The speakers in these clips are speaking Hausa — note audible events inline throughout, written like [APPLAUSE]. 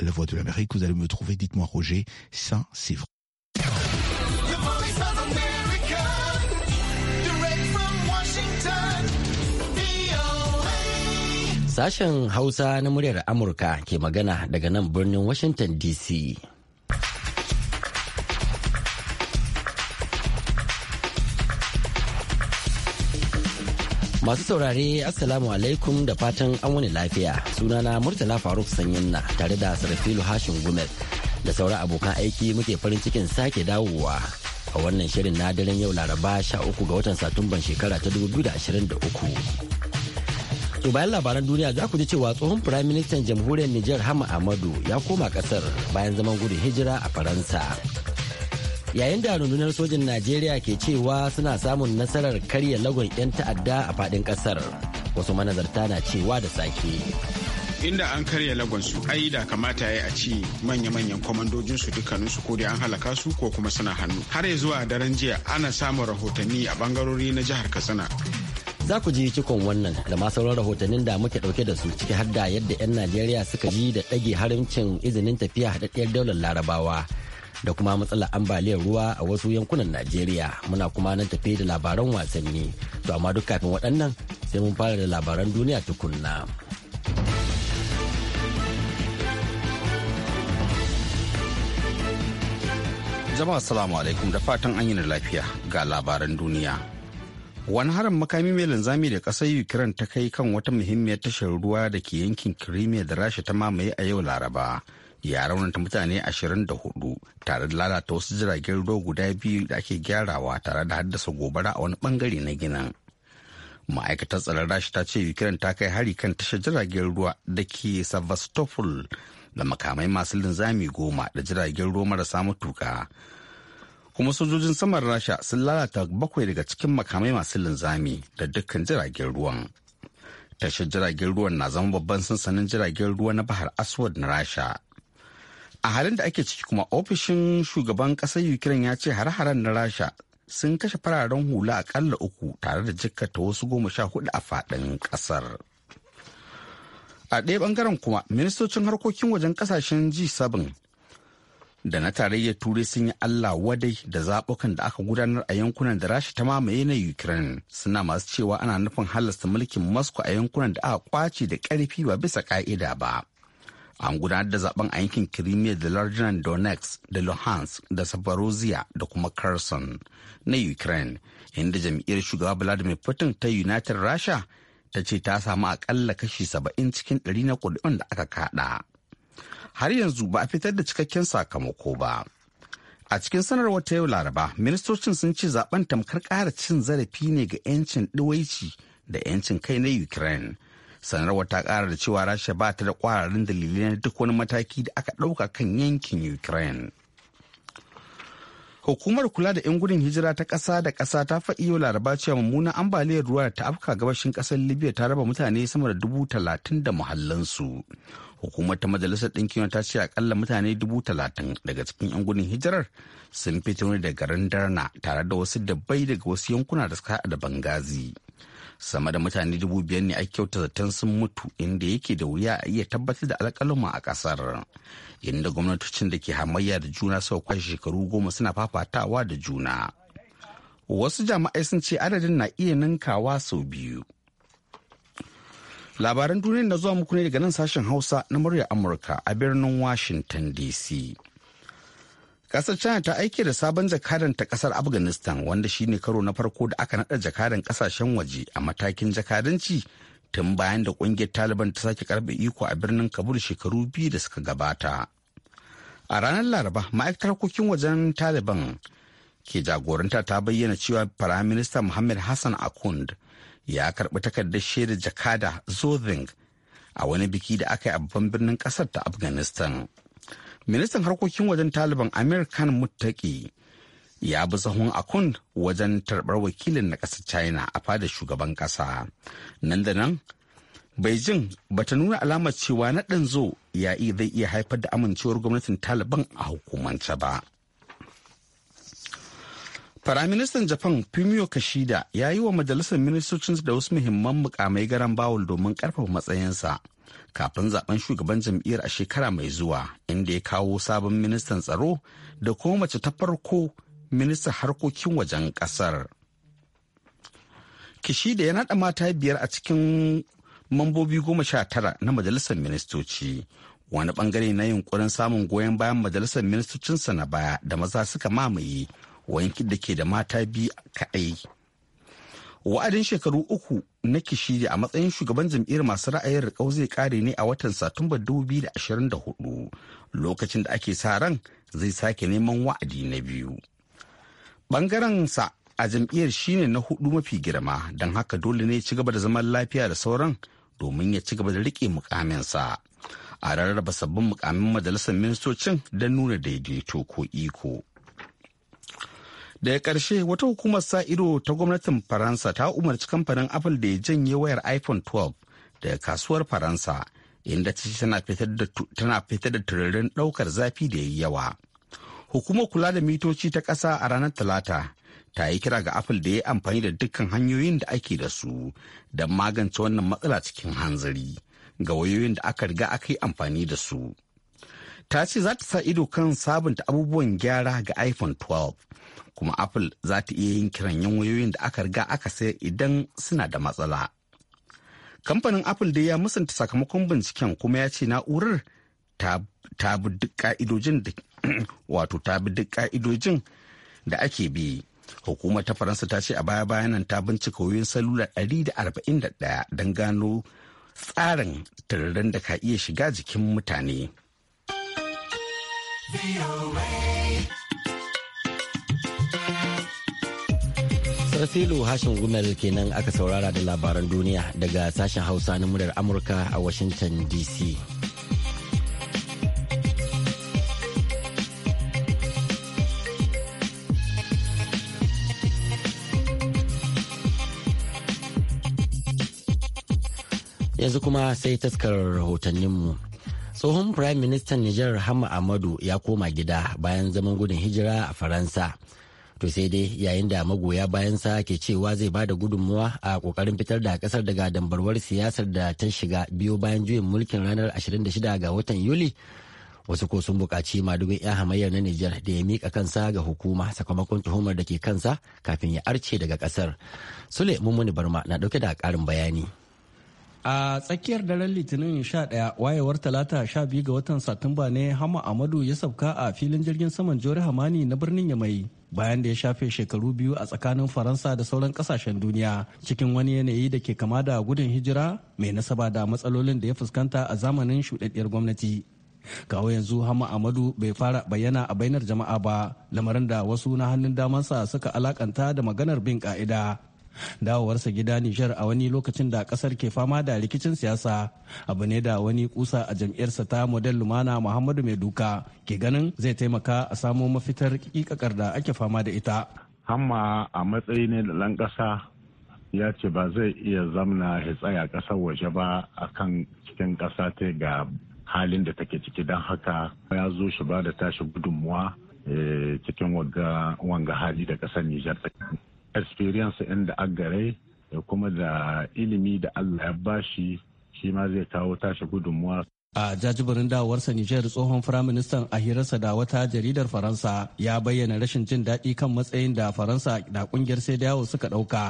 La Voix de l'Amérique, vous allez me trouver, dites-moi Roger, ça c'est vrai. Sashen Hausa na muryar Amurka ke magana daga nan birnin Washington DC. Masu saurare Assalamu alaikum da fatan an wani lafiya sunana Murtala Faruk Sanyinna tare da sarfilu Hashin Gumel da sauran abokan aiki muke farin cikin sake dawowa a wannan shirin na daren yau Laraba 13 ga watan Satumban shekara ta 2023. To bayan labaran duniya za ku ji cewa tsohon firaministan jamhuriyar Nijar Hama Amadu ya koma kasar bayan zaman gudun hijira a Faransa. yayin da rundunar sojin najeriya ke cewa suna samun nasarar karya lagon 'yan ta'adda a fadin kasar wasu manazarta na cewa da sake inda an karya lagonsu ai da kamata ya yi a ci manya-manyan kwamandojinsu dukkaninsu ko dai an halaka su ko kuma suna hannu har ya zuwa daren jiya ana samun rahotanni a bangarori na jihar katsina za ku ji cikon wannan da ma sauran rahotannin da muke dauke da su ciki har da yadda 'yan najeriya suka yi da ɗage harincin izinin tafiya haɗaɗɗiyar daular larabawa da kuma matsalar ambaliyar ruwa a wasu yankunan Najeriya muna kuma nan tafe da labaran wasanni to amma duk kafin waɗannan sai mun fara da labaran duniya tukunna. Jama'a assalamu alaikum da fatan an yi lafiya ga labaran duniya. wani harin makami mai linzami da ƙasar ukraine ta kai kan wata muhimmiyar tashar ruwa da ke yankin crimea da rasha ta mamaye a yau laraba ya raunata mutane 24 tare da lalata wasu jiragen ruwa guda biyu da ake gyarawa tare da haddasa gobara a wani bangare na ginin. Ma'aikatar tsaron rashi ta ce Ukraine ta kai hari kan tashar jiragen ruwa da ke Sevastopol da makamai masu linzami goma da jiragen ruwa marasa matuka. Kuma sojojin saman Rasha sun lalata bakwai daga cikin makamai masu linzami da dukkan jiragen ruwan. Tashar jiragen ruwan na zama babban sansanin jiragen ruwa na Bahar Aswad na Rasha a halin da ake ciki kuma ofishin shugaban ƙasar ukraine ya ce har-haren na rasha sun kashe fararen hula akalla uku tare da jikkata wasu goma sha hudu a fadin ƙasar a ɗaya bangaren kuma ministocin harkokin wajen ƙasashen g7 da na tarayyar turai sun yi allah wadai da zaɓukan da aka gudanar a yankunan da rasha ta mamaye na ukraine suna masu cewa ana nufin halasta mulkin moscow a yankunan da aka kwace da ƙarfi ba bisa ƙa'ida ba an gudanar da zaben a yankin crimea da Lardinan donetsk da luhansk da Saporozia da kuma kherson na ukraine inda jam'iyyar shugaba vladimir putin ta united russia ta ce ta samu akalla kashi saba'in cikin ɗari na kuri'un da aka kaɗa. har yanzu ba a fitar da cikakken sakamako ba a cikin sanarwar ta yau laraba ministocin sun ce zaben tamkar ƙara cin zarafi ne ga 'yancin ɗiwaici da 'yancin kai na ukraine sanarwar ta kara da cewa rasha ba ta da kwararin dalilai na duk wani mataki da aka ɗauka kan yankin ukraine hukumar kula da 'yan gudun hijira ta kasa da kasa ta faɗi yau laraba cewa mummunan ambaliyar ruwa ta afka gabashin ƙasar libya ta raba mutane sama da dubu talatin da muhallansu hukumar ta majalisar ɗinkin ta ce akalla mutane dubu talatin daga cikin 'yan gudun hijirar sun fito ne daga garin darna tare da wasu dabbai daga wasu yankuna da suka haɗa da bangazi sama da mutane dubu biyar ne ake kyauta zaton sun mutu inda yake da wuya a iya tabbatar da alƙaluma a ƙasar inda gwamnatocin da ke hamayya da juna sau kwashe shekaru goma suna fafatawa da juna wasu jama'ai sun ce adadin na iya ninkawa sau biyu labaran duniya na zuwa muku ne daga nan sashen hausa na murya amurka a birnin washington dc kasar china ta aike da sabon jakadan ta kasar afghanistan wanda shine karo na farko da aka nada jakadan kasashen waje a matakin jakadanci tun bayan da kungiyar taliban ta sake karbe iko a birnin kabul shekaru biyu da suka gabata a ranar laraba ma'aikatar harkokin wajen taliban ke jagoranta ta bayyana cewa firaminista muhammad hassan akund ya karbi takardar shaidar jakada zothing a wani biki da aka yi a babban birnin kasar ta afghanistan ministan harkokin wajen taliban american muttaki ya bi sahun akun wajen tarbar wakilin na ƙasar china a fadar shugaban ƙasa nan da nan beijing ba ta nuna alamar cewa na naɗin zo ya zai iya haifar da amincewar gwamnatin taliban a hukumance ba Firaministan Japan Fumio Kishida ya yi wa majalisar ministocinsa da wasu muhimman mukamai garan bawul domin karfafa matsayinsa kafin zaben shugaban jam'iyyar a shekara mai zuwa inda ya kawo sabon ministan tsaro da kuma mace ta farko ministan harkokin wajen kasar da ya naɗa mata biyar a cikin mambobi goma sha tara na majalisar ministoci wani bangare na yunkurin samun goyon bayan majalisar ministocinsa na baya da maza suka mamaye wanki da ke da mata biyu kaɗai wa'adin shekaru uku na kishiri a matsayin shugaban jam'iyyar masu ra'ayin rikau zai kare ne a watan satumbar 2024 lokacin da ake sa ran zai sake neman wa'adi na biyu bangaren sa a jam'iyyar shine na hudu mafi girma don haka dole ne ci gaba da zaman lafiya da sauran domin ya ci gaba da rike mukaminsa a rarraba sabbin mukamin majalisar ministocin don nuna daidaito ko iko daga ƙarshe wata hukumar sa ido ta gwamnatin faransa ta umarci kamfanin apple da ya janye wayar iphone 12 daga kasuwar faransa inda ta tana fitar da turarin ɗaukar zafi da ya yawa hukumar kula da mitoci ta ƙasa a ranar talata ta yi kira ga apple da ya amfani da dukkan hanyoyin da ake da su don magance wannan matsala cikin hanzari ga wayoyin da aka riga aka yi amfani da su ta ce za ta sa ido kan sabunta abubuwan gyara ga iphone 12 kuma apple za ta iya yin kiran yan wayoyin da aka riga aka sayar idan suna da matsala kamfanin apple dai ya musanta sakamakon binciken kuma ya ce na'urar ta bi duk ka'idojin da [CLEARS THROAT] wato ta bi duk ka'idojin da ake bi hukumar ta faransa ta ce a baya bayan nan ta bincika wayoyin salula 141 don gano tsarin tururin da ka iya shiga jikin mutane. Sarfilu Hashin Gumel kenan aka saurara da labaran duniya daga sashen Hausa na muryar Amurka a Washington DC. Yanzu kuma sai taskar rahotanninmu. Tsohon Firayim Ministan Nijar Hama Amadu ya koma gida bayan zaman gudun hijira a Faransa. to sai dai yayin da magoya bayan sa ke cewa zai bada da gudunmuwa a kokarin fitar da kasar daga dambarwar siyasar da ta shiga biyo bayan juyin mulkin ranar 26 ga watan yuli wasu ko sun buƙaci madugun 'yan hamayyar na Nijar da ya mika kansa ga hukuma sakamakon tuhumar da ke kansa kafin ya arce daga kasar Sule Mummuni Barma na ɗauke da ƙarin bayani. A tsakiyar daren Litinin 11 wayewar Talata 12 ga watan Satumba ne Hama Amadu ya sauka a filin jirgin saman Jori Hamani na birnin Yamai bayan da ya shafe shekaru biyu a tsakanin faransa da sauran kasashen duniya cikin wani yanayi da ke kama da gudun hijira mai nasaba da matsalolin da ya fuskanta a zamanin shuɗaɗɗiyar gwamnati kawo yanzu hama amadu bai fara bayyana a bainar jama'a ba lamarin da wasu na hannun damansa suka alakanta da maganar bin ka'ida dawowarsa gida nijar a wani lokacin da kasar ke fama da rikicin siyasa abu ne da wani kusa a jam'iyyarsa ta model lumana muhammadu mai duka ke ganin zai taimaka a samo mafitar kikakar da ake fama da ita hamma a matsayi ne da ɗan ƙasa ya ce ba zai iya zamna ya tsaya ƙasar waje ba a kan cikin ƙasa ta ga halin da take ciki don haka ya zo shi ba da tashi gudunmuwa eh, cikin wanga hali da ƙasar nijar experience ɗin da agare da kuma da ilimi da Allah ya bashi shi ma zai kawo tashi gudunmuwa. A jajibirin dawarsa Nijar tsohon firaministan a hirarsa da wata jaridar Faransa ya bayyana rashin jin daɗi kan matsayin da Faransa da kungiyar sai dawo suka ɗauka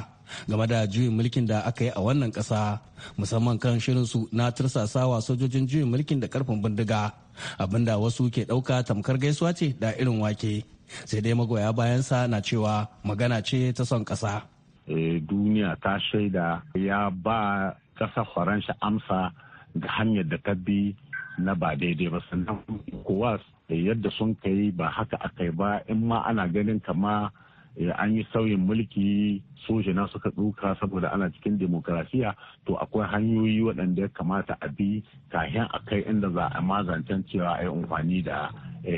game da juyin mulkin da aka yi a wannan ƙasa musamman kan shirinsu na tursasawa sojojin juyin mulkin da ƙarfin bindiga abinda wasu ke ɗauka tamkar gaisuwa ce da irin wake. sai dai magoya bayansa na cewa magana ce ta son ƙasa. Eh, duniya ta shaida ya ba ƙasar faransa amsa ga hanyar da ta bi na ba daidai ba sannan kowa yadda sun kai ba haka aka yi ba in ma ana ganin kama Eh, an yi sauyin mulki soja na suka tsuka saboda ana cikin demokrasiya to akwai hanyoyi waɗanda ya kamata a bi kahin a kai inda za a mazantan cewa a yi amfani da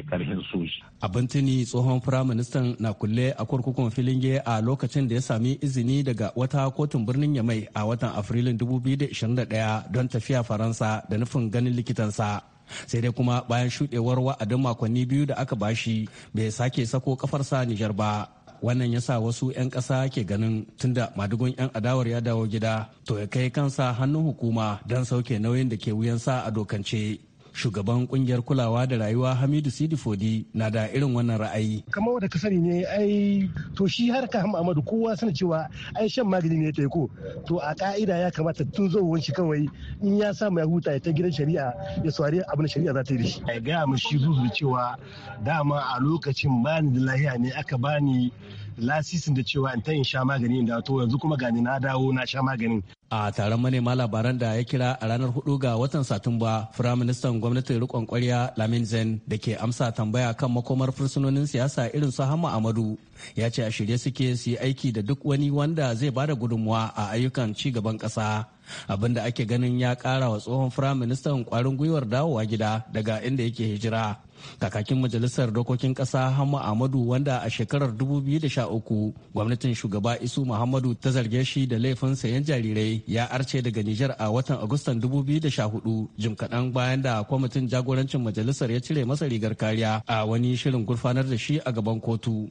karhin eh, soji. a bantini tsohon firaministan na kulle a kurkukun filinge a lokacin da ya sami izini daga wata kotun birnin Yamai a watan Afrilun 2021 don tafiya Faransa da nufin ganin likitansa. sai dai kuma bayan shuɗewar wa'adin makonni biyu da aka bashi bai sake sako kafarsa Nijar ba. wannan ya sa wasu 'yan ƙasa ke ganin tunda madugun 'yan adawar ya dawo gida to ya kai kansa hannun hukuma don sauke nauyin da ke wuyansa a dokance shugaban kungiyar kulawa da rayuwa hamidu sidifodi na da irin wannan ra'ayi kamar wanda ka sani ne ai to shi harka amadu kowa sana cewa ai shan magani ne ta ko to a ka'ida ya kamata tun zowon shi kawai in ya samu ya huta ya ta gidan shari'a ya saurari abin shari'a za ta yi da shi ai gaya mu shi zuzu cewa dama a lokacin bani da lahiya ne aka bani lasisin da cewa in ta in sha magani da to yanzu kuma gani na dawo na sha maganin a taron manema labaran da ya kira a ranar hudu ga watan satumba firaministan gwamnatin rikon kwarya lamin zen da ke amsa tambaya kan makomar fursunonin siyasa irin su hama amadu ya ce a shirye suke su yi aiki da duk wani wanda zai bada gudunmuwa a ayyukan ci gaban kasa abin da ake ganin ya kara wa tsohon firaministan kwarin gwiwar dawowa gida daga inda yake hijira kakakin majalisar dokokin ƙasa hamma ahmadu wanda a shekarar 2013 gwamnatin shugaba isu muhammadu ta zarge shi da laifin sayan jarirai ya arce daga nijar a watan agustan 2014 jim kaɗan bayan da kwamitin jagorancin majalisar ya cire masa rigar kariya a wani shirin gurfanar da shi a gaban kotu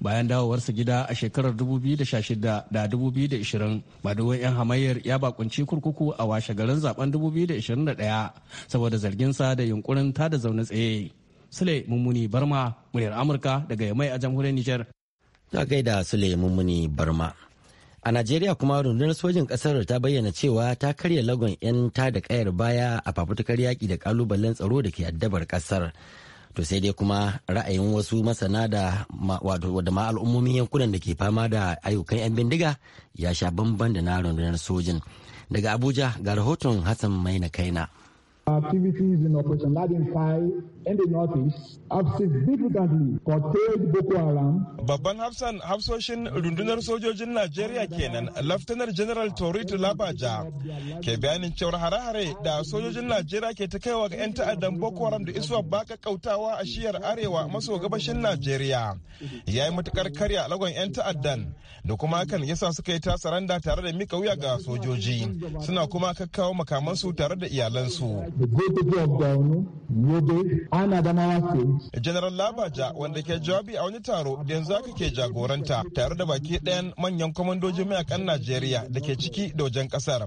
bayan dawowarsa gida a shekarar 2016 da 2020 maduwan 'yan hamayyar ya bakunci kurkuku a washe garin zaben 2021 saboda zarginsa da yunkurin da zaune tsaye Sule Mummuni Barma, muryar Amurka daga Yamai a jamhuriyar Nijar. Na gaida Sule Mummuni Barma. A Najeriya kuma rundunar sojin ƙasar ta bayyana cewa ta karya lagon 'yan ta da ƙayar baya a fafutukar yaƙi da ƙalubalen tsaro da ke addabar ƙasar. To sai dai kuma ra'ayin wasu masana da ma al'ummomin yankunan da ke fama da ayyukan 'yan bindiga ya sha bamban da na rundunar sojin. Daga Abuja ga rahoton Hassan Maina Kaina. Activities in Operation Ladin in the northeast have significantly curtailed Boko Haram. Babban hafsan hafsoshin rundunar sojojin Najeriya kenan, Laftanar General Torit Labaja ke bayanin cewar hare-hare da sojojin Najeriya ke ta kaiwa ga 'yan ta'addan Boko Haram da isuwa baka kautawa a shiyar arewa maso gabashin Najeriya. Ya yi matukar karya lagon 'yan ta'addan da kuma kan yasa suka yi tasaranda tare da mika wuya ga sojoji suna kuma kakkawo makamansu tare da iyalansu. da ana da General Labaja wanda ke jawabi a wani taro da yanzu aka ke jagoranta tare da baki ɗayan manyan kwamandojin mayakan Najeriya da ke ciki da wajen ƙasar.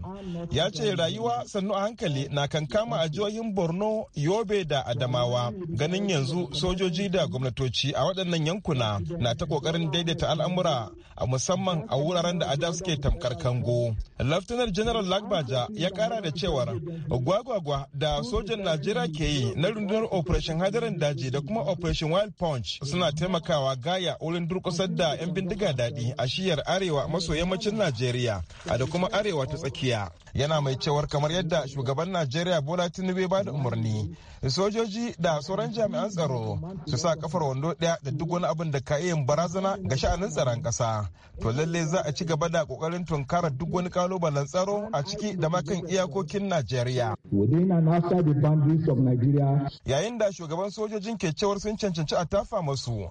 Ya ce rayuwa sannu a hankali na kankama a jihohin Borno, Yobe da Adamawa. Ganin yanzu sojoji da gwamnatoci a waɗannan yankuna na ta ƙoƙarin daidaita al'amura a musamman a wuraren da ada suke tamkar kango. Laftanar General labaja ya kara da cewar gwagwagwa da sojan najeriya ke yi na rundunar operation hadarin daji da kuma operation wild punch suna taimakawa gaya wurin durkusar da 'yan bindiga daɗi a shiyar arewa maso yammacin najeriya a da kuma arewa ta tsakiya yana mai cewar kamar yadda shugaban najeriya bola tinubu ba da umarni sojoji da sauran jami'an tsaro su sa kafar wando daya da duk wani abin da ka yin barazana ga sha'anin tsaron kasa to lalle za a ci gaba da kokarin tunkara duk wani kalubalen tsaro a ciki da makan iyakokin najeriya yayin da shugaban sojojin ke cewar sun cancanci a tafa masu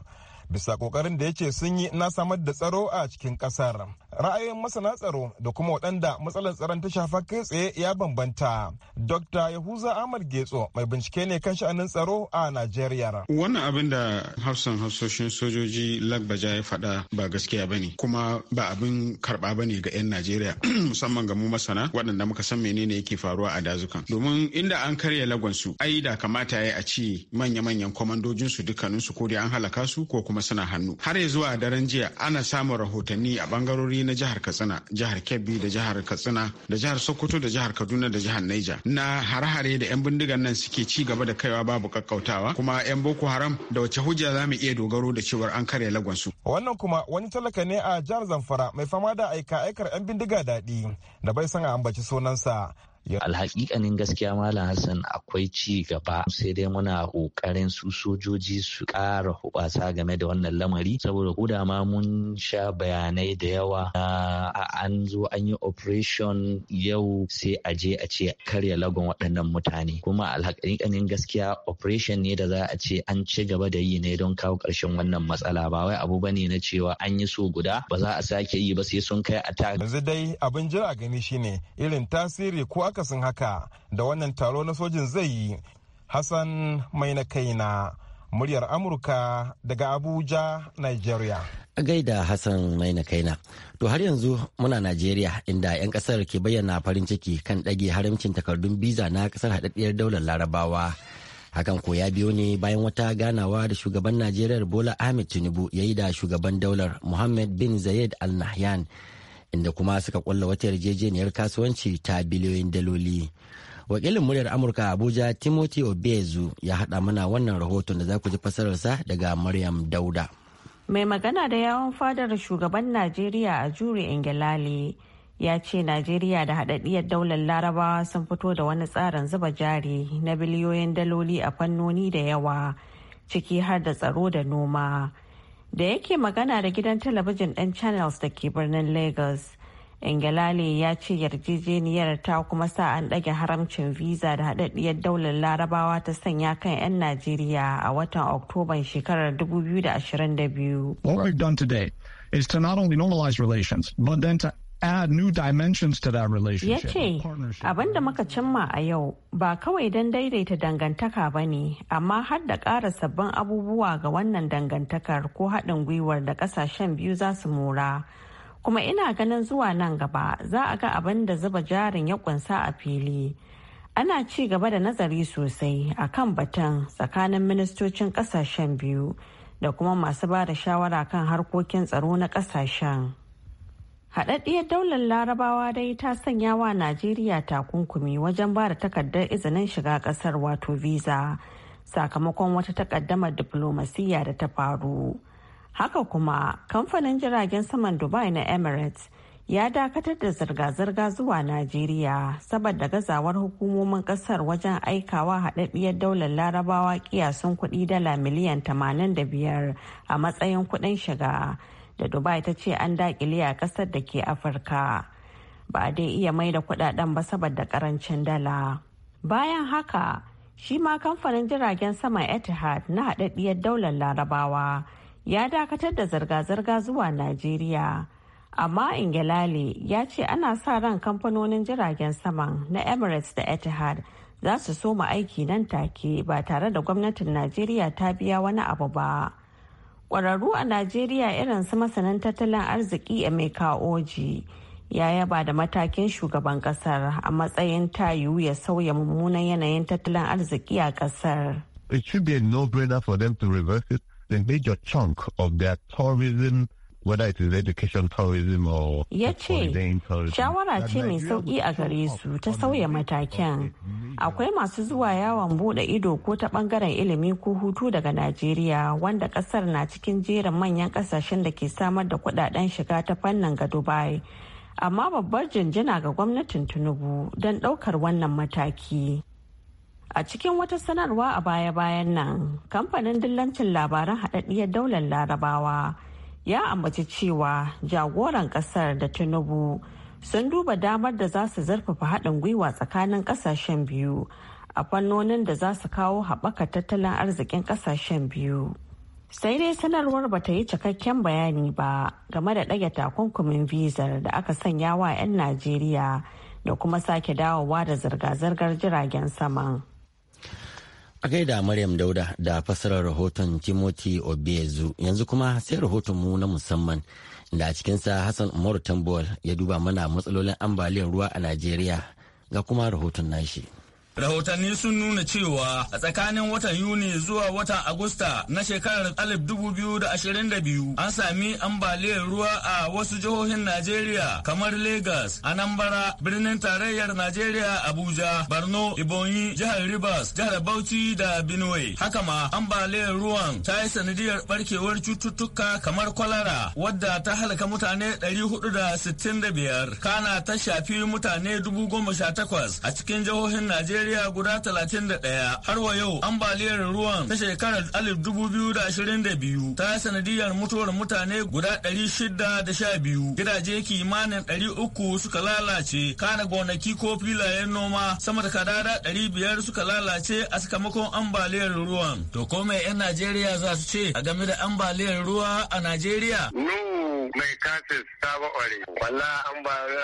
bisa kokarin da ya ce sun yi na samar da tsaro a cikin kasar Ra'ayoyin masana tsaro da kuma waɗanda matsalar tsaron ta shafa kai tsaye ya bambanta dr yahuza ahmad getso mai bincike ne kan sha'anin tsaro a najeriya wannan abin da hafsan hafsoshin sojoji lagbaja ya faɗa ba gaskiya bane kuma ba abin karɓa bane ga 'yan najeriya [CLEARS THROAT] musamman ga mu masana waɗanda muka san menene yake faruwa a dazukan domin inda an karya lagonsu ai da kamata ya a ci manya-manyan kwamandojinsu dukkaninsu ko dai an halaka su ko kuma masana hannu har ya zuwa daren jiya ana samun rahotanni a bangarori na jihar katsina jihar kebbi da jihar katsina da jihar sokoto da jihar kaduna da jihar naija na hare-hare da 'yan bindigan nan suke ci gaba da kaiwa babu kakkautawa kuma 'yan boko haram da wace hujja za mu iya dogaro da cewar an karya lagwansu wannan kuma wani talaka ne a jihar zamfara mai fama da aika aikar 'yan bindiga daɗi da bai san a ambaci sunansa alhaƙiƙanin gaskiya malam hassan akwai ci gaba sai dai muna ƙoƙarin su sojoji su ƙara hubasa game da wannan lamari saboda ko ma mun sha bayanai da yawa na an zo an yi operation yau sai a je a ce karya lagon waɗannan mutane kuma alhaƙiƙanin gaskiya operation ne da za a ce an ci gaba da yi ne don kawo ƙarshen wannan matsala ba wai abu bane na cewa an yi so guda ba za a sake yi ba sai sun kai a ta yanzu dai abin jira gani shine irin tasiri ko akasin haka da wannan taro na sojin zai yi hassan mai na kaina muryar amurka daga abuja nigeria a gaida hassan mai na kaina to har yanzu muna najeriya inda 'yan kasar ke bayyana farin ciki kan ɗage haramcin takardun biza na kasar haɗaɗɗiyar daular larabawa hakan ko ya biyo ne bayan wata ganawa da shugaban najeriya bola ahmed tinubu ya yi da shugaban daular muhammad bin zayed al nahyan inda kuma suka kulla wata yarjejeniyar kasuwanci ta biliyoyin daloli wakilin muryar amurka abuja timothy obezu ya haɗa mana wannan rahoton da za ku ji fasararsa daga maryam dauda mai magana da yawon fadar shugaban najeriya a jure ingilali ya ce najeriya da haɗaɗɗiyar daular larabawa sun fito da wani tsarin zuba jari na biliyoyin daloli a fannoni da yawa ciki har da tsaro da noma da yake magana da gidan talabijin ɗin channels da ke birnin lagos ingilali ya ce yarjejeniyar ta kuma sa an ɗage haramcin visa da haɗaɗɗiyar daular larabawa ta sanya kan 'yan najeriya a watan oktoban shekarar 2022 what we've done today is to not only normalize relations add new Ya ce, abin da muka cimma a yau ba kawai don daidaita dangantaka ba ne, amma har da ƙara sabbin abubuwa ga wannan dangantakar ko haɗin gwiwar da ƙasashen biyu za su mora. Kuma ina ganin zuwa nan gaba za a ga abin da zuba jarin ya ƙunsa a fili. Ana ci gaba da nazari sosai a kan batun tsakanin ministocin ƙasashen biyu da kuma masu ba da shawara kan harkokin tsaro na ƙasashen. haɗaɗɗiyar daular larabawa dai ta sanya wa najeriya takunkumi wajen ba da takardar izinin shiga ƙasar wato visa sakamakon wata takaddamar diflomasiyya da ta faru haka kuma kamfanin jiragen saman dubai na emirates ya dakatar da zirga-zirga zuwa najeriya saboda gazawar hukumomin kasar wajen aikawa haɗaɗɗiyar daular larabawa kiyasun kuɗi dala miliyan 85 a matsayin kuɗin shiga da dubai ta ce an dakile a kasar da ke afirka ba a dai iya mai da kudaden ba saboda karancin dala bayan haka shi ma kamfanin jiragen sama etihad na haɗaɗɗiyar daular larabawa ya dakatar da zirga-zirga zuwa najeriya amma ingilali ya ce ana sa ran kamfanonin jiragen saman na emirates da etihad za su soma aiki nan take ba tare da gwamnatin najeriya ta biya wani abu ba kwararru a Najeriya irin su masanin tattalin arziki Emeka Oji ya yaba da matakin shugaban kasar a matsayin tayu ya sauya mummunan yanayin tattalin arziki a kasar. It should be a no-brainer for them to reverse it. The major chunk of their tourism whether it is education tourism or ya ce shawara ce mai sauki a gare su ta sauya matakin akwai masu zuwa yawon bude ido ko ta bangaren ilimi ko hutu daga najeriya wanda kasar na cikin jerin manyan kasashen da ke samar da kudaden shiga ta fannin ga dubai amma babbar jinjina ga gwamnatin tinubu don daukar wannan mataki A cikin wata sanarwa a baya-bayan nan, kamfanin dillancin labaran haɗaɗɗiyar daular larabawa ya ambaci cewa jagoran kasar da tinubu sun duba damar da za su zarfafa haɗin gwiwa tsakanin ƙasashen biyu a fannonin da za su kawo haɓaka tattalin arzikin ƙasashen biyu sai dai sanarwar ba ta yi cikakken bayani ba game da ɗage takunkumin vizar da aka sanya wa 'yan najeriya da kuma sake dawowa da zirga-zirgar jiragen saman. A gaida Maryam Dauda da fassarar rahoton Timothy Obiezu yanzu kuma sai rahotonmu na musamman da a cikinsa Hassan Umaru Tambol ya duba mana matsalolin ambaliyar ruwa a Najeriya ga kuma rahoton nashi. Rahotanni sun nuna cewa a tsakanin watan Yuni zuwa watan Agusta na shekarar 2022 an sami ambaliyar ruwa a wasu jihohin Najeriya kamar Lagos, Anambra, birnin tarayyar Najeriya Abuja, Borno, Ibonyi, jihar Rivers, jihar Bauchi da Benue. Haka ma ambaliyar ruwan ta yi sanadiyar barkewar cututtuka kamar kwalara wadda ta halaka mutane 465 kana ta shafi mutane 18,000 a cikin jihohin Najeriya Najeriya guda 31. Har wa yau ambaliyar ruwan ta shekarar biyu ta sanadiyar mutuwar mutane guda shida 612. Gidaje kimanin 300 suka lalace, kana gonaki ko filayen noma sama da kadada 500 suka lalace a sakamakon ambaliyar ruwan. To kome 'yan Najeriya za su ce a game da ambaliyar ruwa a Najeriya? mai kasis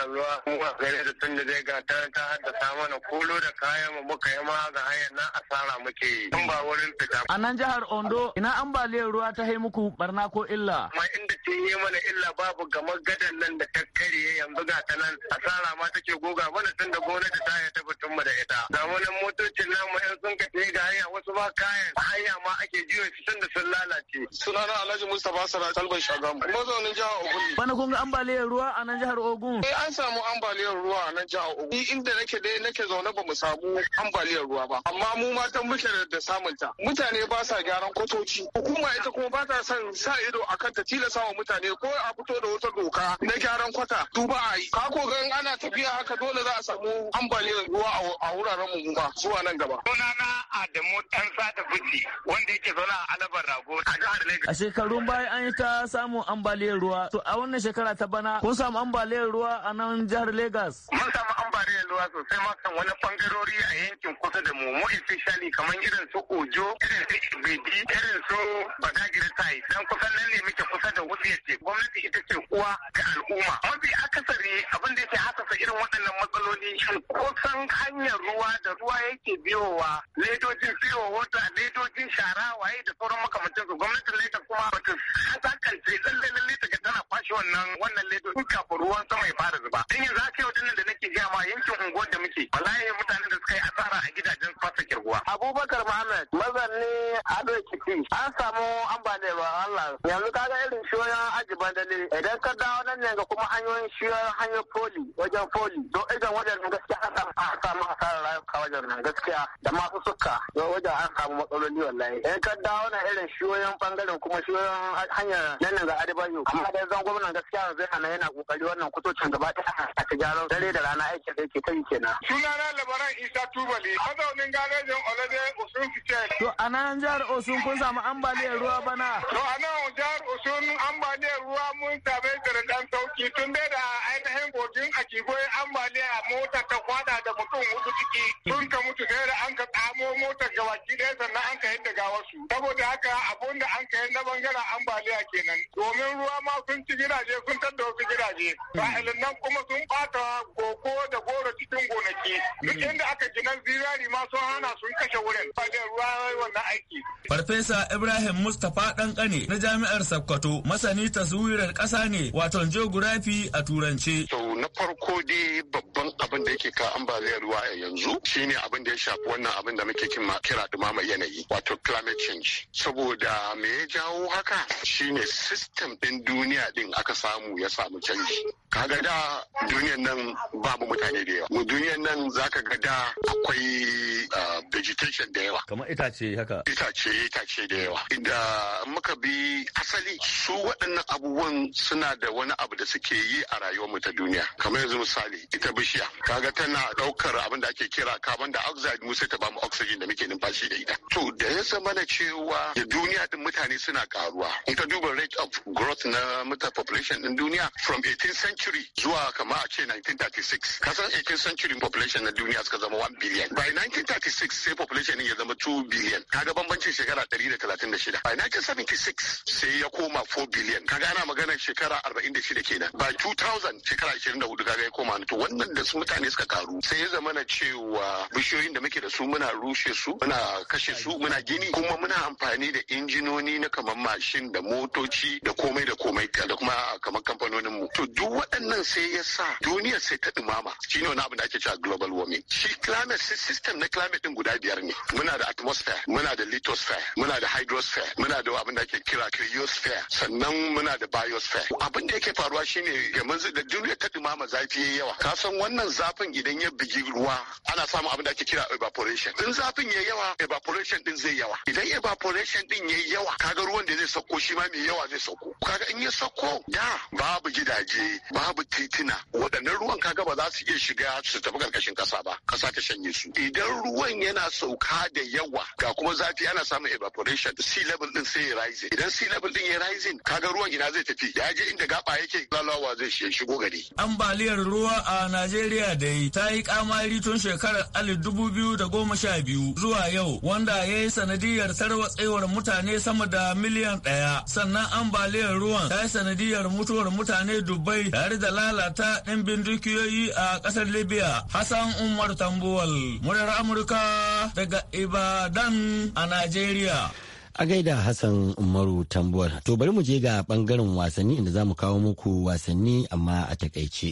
ruwa kuma gare da tun da zai gata ta haddasa mana kolo da kayan mu muka yi ma ga hanyar na asara muke in ba wurin fita. A nan jihar Ondo ina ambaliyar ruwa ta hai muku barna ko illa? Ma inda ce yi mana illa babu gama gadan nan da ta karye yanzu ga ta nan asara ma take goga mana tun da gwamnati ta yi tabbatun mu da ita. Da wani motocin namu mu sun ka ga hanya wasu ma kayan hanya ma ake jiwa su tun da sun lalace. Sunana Alhaji Mustapha Sara Talban Shagam. Mazaunin jihar Ogun. Bana kun ga ambaliyar ruwa a nan jihar Ogun? Eh an samu ambaliyar ruwa a nan jihar Ogun. Ni inda nake dai nake zaune ba mu samu ambaliyar ruwa ba amma mu matan muke da samunta mutane ba sa gyaran kwatoci hukuma ita kuma ba ta son sa ido akan ta tilasa wa mutane ko a fito da wata doka na gyaran kwata duba a yi ka ko gan ana tafiya haka dole za a samu ambaliyar ruwa a wuraren mu ba zuwa nan gaba sunana Adamu dan sata fuci wanda yake zaune a Alabar Rago a jihar Lagos a shekarun baya an yi ta samun ambaliyar ruwa to a wannan shekara ta bana kun samu ambaliyar ruwa a nan jihar Lagos mun ambaliyar ruwa sosai ma kan wani bangarori a yankin kusa da mu mu especially kamar irin su ojo irin su ibidi irin su badagiri tai dan kusan nan ne muke kusa da wuce ce gwamnati ita ce uwa ga al'umma mafi akasari abin da yake hasasa irin waɗannan matsaloli shi kusan hanyar ruwa da ruwa yake biyowa ledojin siyo wata ledojin shara waye da sauran makamantansu gwamnatin leta kuma kan hasakance lallai lalle ta a kwashe wannan wannan ledo duk kafin ruwan sama ya fara zuba dan yanzu a yau dinnan da nake gaya ma yankin unguwar da muke wallahi mutane da suka yi asara a gidajen fasa kirguwa abubakar muhammad mazanni ado kiti an samu an ba allah yanzu kaga irin shiyoyin aji bandale idan ka dawo nan ne ga kuma hanyoyin shiyoyin hanyar foli wajen foli. don idan wajen gaskiya an samu a samu asarar rayuka wajen nan gaskiya da masu suka wajen an samu matsaloli wallahi a ka dawo na irin shiyoyin bangaren kuma shiyoyin hanyar nan ga adibayo amma zan gwamnan gaskiya yanzu yana yana kokari wannan kutocin gaba ɗaya a ta gyaran dare da rana aiki da yake kai kenan. Sunana labaran Isa Tubali mazaunin garejin Olade Osun fice. To a nan jihar Osun kun samu ambaliyar ruwa bana. To a nan jihar Osun ambaliyar ruwa mun same ta da dan sauki tun dai da ainihin kogin a kigoyin ambaliya mota ta kwada da mutum hudu ciki sun ka mutu ne da an ka tsamo motar gabaki ɗaya sannan an ka yadda gawarsu. Saboda haka abun da an ka yi na bangaren ambaliya kenan domin ruwa ma sun ci gidaje sun tadda wasu gidaje sa'ilin nan kuma sun bata goko da goro cikin gonaki duk hmm. inda aka gina zirari ma sun hana sun kashe wurin fagen ruwa wannan aiki. Farfesa Ibrahim Mustapha Ɗanƙane na Jami'ar Sakkwato masani taswirar ƙasa ne wato geography a turance. To na farko dai babban abin da yake ka ambaliyar ruwa a yanzu shine abin da ya shafi wannan abin da muke kira dumama yanayi wato climate change saboda me ya jawo haka shine system ɗin duniya duniya din aka samu ya samu canji kaga da duniyan nan babu mutane da yawa duniyan nan zaka ga da akwai ah, vegetation da yawa kamar itace haka itace itace da yawa inda muka bi asali su waɗannan abubuwan suna da wani abu da suke yi a rayuwar mu ta duniya kamar yanzu misali ita bishiya kaga tana ɗaukar abin da ake kira carbon dioxide mu sai ta bamu oxygen da muke numfashi da ita to da ya zama na cewa da duniya din mutane suna karuwa in ka duba rate of growth na mata population din duniya from 18th century zuwa kama a ce 1936 kasan 18th century population na duniya suka zama 1 billion by 1936 sai population ya zama 2 billion kaga bambancin shekara 136 by 1976 sai ya koma 4 billion kaga ana magana shekara 46 kenan by 2000 shekara 24 kaga ya koma to wannan da su mutane suka karu sai ya zama na cewa bishiyoyin da muke da su muna rushe su muna kashe su muna gini kuma muna amfani da injinoni na kamar mashin da motoci da komai da komai da kuma kamar kamfanonin mu to duk waɗannan sai ya sa duniyar sai ta dumama shi ne wani abu da ake cewa global warming shi climate system na climate din guda biyar ne muna da atmosphere muna da lithosphere muna da hydrosphere muna da abin da ake kira cryosphere sannan muna da biosphere abin da yake faruwa shine yanzu da duniya ta dumama zafi yayi yawa ka san wannan zafin idan ya bigi ruwa ana samun abin da ake kira evaporation in zafin yayi yawa evaporation din zai yawa idan evaporation din yayi yawa kaga ruwan da zai sauko shi ma mai yawa zai sauko kaga in ya ko da babu gidaje babu titina waɗannan ruwan kaga ba za su iya shiga su tafi karkashin ƙasa ba ƙasa ta shanye su idan ruwan yana sauka da yawa ga kuma zafi ana samun evaporation sea level din sai ya rise idan sea level din ya rise kaga ruwan ina zai tafi ya je inda gaba yake lalawa zai shigo gari ambaliyar ruwa a Najeriya yi ta yi kamari tun shekarar alif dubu biyu da goma sha biyu zuwa yau wanda ya yi sanadiyar tarwatsewar mutane sama da miliyan ɗaya sannan ambaliyar ruwan ta yi sanadiyar mutuwar mutane Dubai tare da lalata ɗimbin dukiyoyi a ƙasar Libya. Hassan Umar Tambuwal, murar Amurka daga Ibadan a Najeriya. A gaida Hassan Umaru Tambuwal. To bari mu je ga bangaren wasanni inda za mu kawo muku wasanni amma a takaice.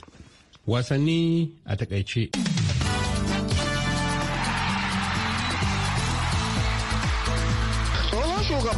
Wasanni a takaice.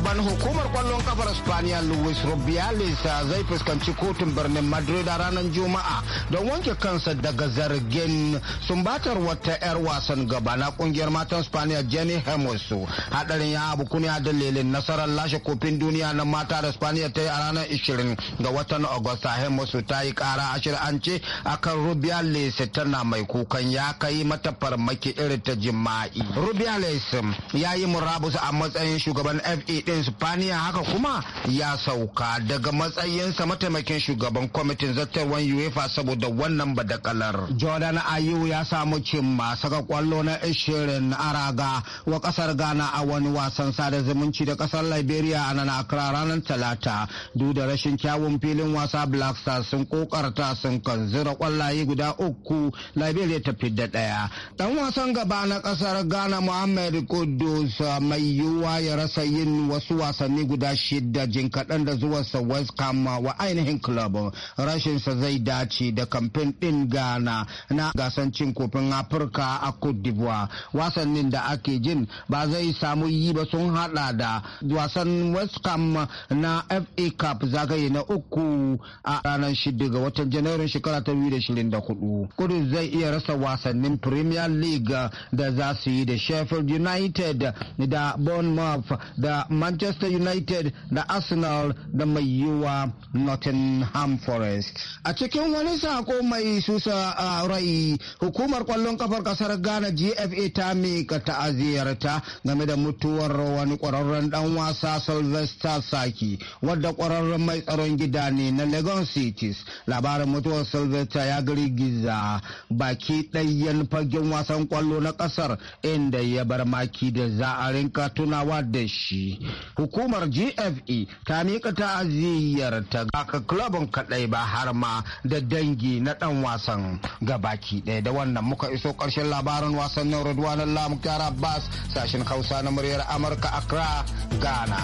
shugaban hukumar kwallon kafar spaniya luis rubiales ah, zai fuskanci kotun birnin madrid a ranar juma'a don wanke kansa daga zargin sumbatar wata 'yar wasan gaba na kungiyar matan spaniya jenny hermoso hadarin ya abu kuni a dalilin nasarar lashe kofin duniya na mata da spaniya ta yi a ranar 20 ga watan agusta hermoso ta yi kara a shir'ance kan rubiales tana mai kukan ya kai mata farmaki irin ta jima'i rubiales ya yi murabus a matsayin shugaban fa din Hispania haka kuma ya sauka daga matsayinsa mataimakin shugaban kwamitin zartarwar UEFA saboda wannan badakalar. Jordan Ayew ya samu cimma saka kwallo na ishirin a raga wa kasar Ghana a wani wasan sada zumunci da kasar Liberia a nan akra ranar Talata. Duk da rashin kyawun filin wasa Black Stars sun kokarta sun kan zira kwallaye guda uku Liberia ta da ɗaya. Dan wasan gaba na kasar Ghana Muhammad Kudus mai yiwuwa ya rasa yin wasu wasu wasanni guda shida jin kaɗan da sa west ham wa ainihin club rashin sa zai dace da kamfen ɗin ghana na gasan cin kofin afirka a cote d'ivoire wasannin da ake jin ba zai samu yi ba sun hada da wasan west ham na fa cup zagaye na uku a ranar shida ga watan janairun shekara ta biyu da kudu kudu zai iya rasa wasannin premier league da za su yi da sheffield united da bournemouth da manchester Manchester United da Arsenal da mai yiwuwa Nottingham Forest. A cikin wani sako mai susa a rai hukumar kwallon kafar kasar Ghana GFA ta mika ta'aziyarta game da mutuwar wani kwararren dan wasa Sylvester Saki wadda kwararren mai tsaron gida ne na Lagos Cities. Labarin mutuwar Sylvester ya girgiza baki ɗayan fagen wasan kwallo na kasar inda ya bar maki da za a rinka tunawa da shi. hukumar gfe ta miƙa ta'aziyyar ta ga klabin kaɗai ba har ma da dangi na ɗan wasan ga baki ɗaya da wannan muka iso ƙarshen labarin wasannin rodwan allah bas abbas sashen hausa na muryar amurka accra ghana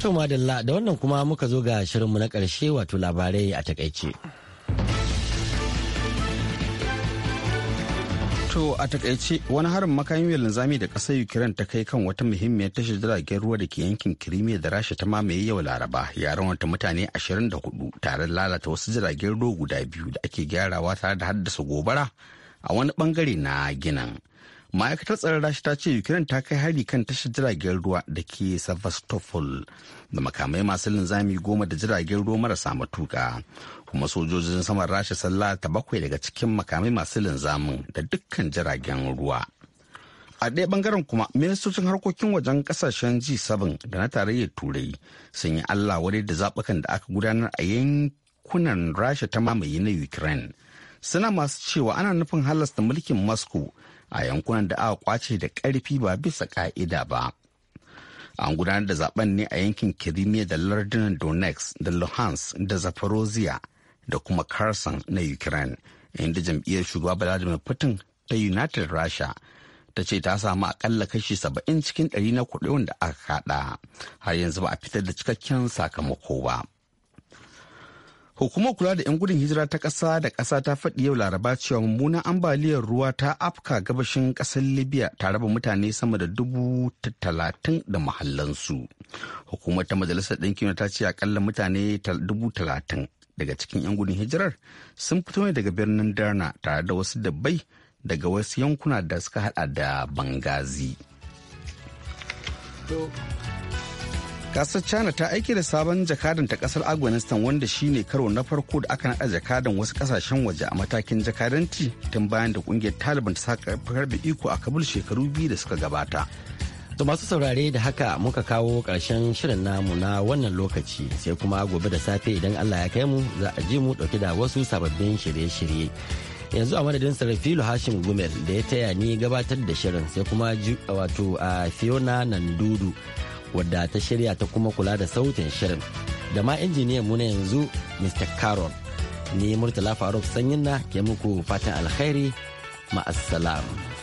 to madalla da wannan kuma muka zo ga shirinmu na ƙarshe wato labarai a takaice. To a takaice wani harin makamin linzami da ƙasar Ukraine ta kai kan wata muhimmiyar tashar jiragen ruwa da ke yankin Crimea da Rasha ta mamaye yau Laraba ya raunata mutane 24 tare lalata wasu jiragen ruwa guda biyu da ake gyarawa tare da haddasa gobara a wani bangare na ginin. Ma'aikatar tsaron Rasha ta ce Ukraine ta kai hari kan tashar jiragen ruwa da ke Sevastopol da makamai masu linzami goma da jiragen ruwa marasa matuka. kuma sojojin saman rasha sallah ta bakwai daga cikin makamai masu linzamin da dukkan jiragen ruwa a ɗaya bangaren kuma ministocin harkokin wajen ƙasashen g7 da na tarayyar turai sun yi allah wadai da zaɓukan da aka gudanar a yankunan rasha ta mamaye na ukraine suna masu cewa ana nufin halasta mulkin moscow a yankunan da aka kwace da ƙarfi ba bisa ƙa'ida ba an gudanar da zaben ne a yankin kirimiya da lardunan donetsk da luhansk da zaporozhia da kuma Kherson na Ukraine, inda jam'iyyar shugaba Vladimir Putin ta United Russia ta ce ta samu akalla kashi saba'in cikin ɗari na kuɗin da aka kaɗa har yanzu ba a fitar da cikakken sakamako ba. Hukumar kula da 'yan gudun hijira ta ƙasa da ƙasa ta faɗi yau laraba cewa mummunan ambaliyar ruwa ta afka gabashin ƙasar Libya ta raba mutane sama da dubu talatin da mahallansu. Hukumar ta Majalisar Ɗinkin ta ce akalla mutane dubu talatin daga cikin 'yan gudun hijirar sun fito ne daga birnin darna tare da wasu dabbai daga wasu yankuna da suka hada da bangazi kasar china ta aike da sabon jakadan ta kasar afghanistan wanda shine karo na farko da aka naɗa jakadan wasu kasashen waje a matakin jakadanci tun bayan da kungiyar taliban ta karbe iko a kabul shekaru biyu da suka gabata To masu saurare da haka muka kawo ƙarshen shirin namu na wannan lokaci sai kuma gobe da safe idan Allah ya kai mu za a ji mu ɗauki da wasu sababbin shirye-shirye. Yanzu a madadin Sarafilu Hashim Gumel da ya taya ni gabatar da shirin sai kuma wato a Fiona Nandudu wadda ta shirya ta kuma kula da sautin shirin. Da ma injiniyan mu na yanzu Mr. Carol. Ni Murtala Faruk Sanyin na ke muku fatan alkhairi ma'assalam.